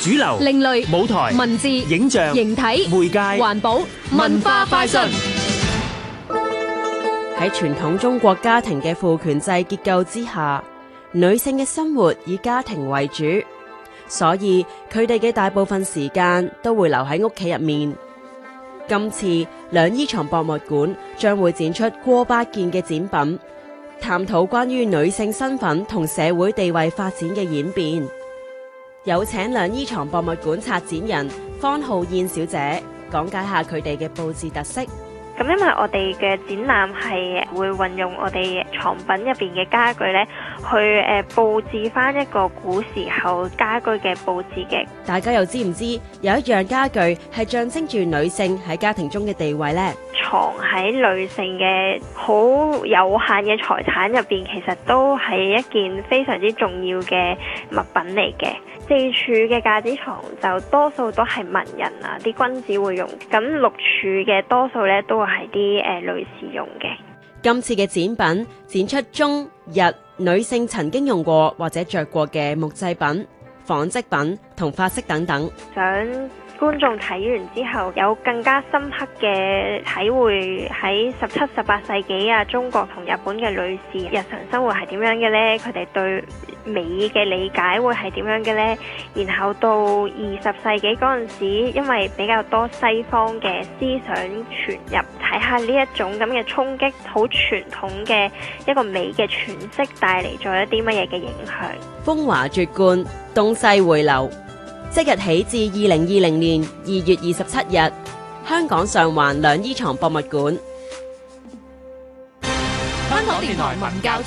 主流、另類舞台、文字、影像、形體、媒介、環保、文化、快訊。喺傳統中國家庭嘅父權制結構之下，女性嘅生活以家庭為主，所以佢哋嘅大部分時間都會留喺屋企入面。今次兩依藏博物館將會展出過百件嘅展品，探討關於女性身份同社會地位發展嘅演變。有請兩依藏博物館策展人方浩燕小姐講解下佢哋嘅佈置特色。咁因為我哋嘅展覽係會運用我哋藏品入邊嘅家具咧，去佈置返一個古時候家居嘅佈置嘅。大家又知唔知，有一樣家具係象徵住女性喺家庭中嘅地位呢？床喺女性嘅好有限嘅財產入邊，其實都係一件非常之重要嘅物品嚟嘅。四處嘅架子床就多數都係文人啊啲君子會用，咁六處嘅多數咧都係啲誒女士用嘅。今次嘅展品展出中日女性曾經用過或者着過嘅木製品、紡織品。同髮式等等，想觀眾睇完之後有更加深刻嘅體會喺十七、十八世紀啊，中國同日本嘅女士日常生活係點樣嘅呢？佢哋對美嘅理解會係點樣嘅呢？然後到二十世紀嗰陣時，因為比較多西方嘅思想傳入，睇下呢一種咁嘅衝擊，好傳統嘅一個美嘅詮釋，帶嚟咗一啲乜嘢嘅影響？風華絕冠，東西回流。即日起至二零二零年二月二十七日，香港上環兩依藏博物館。香港電台文教。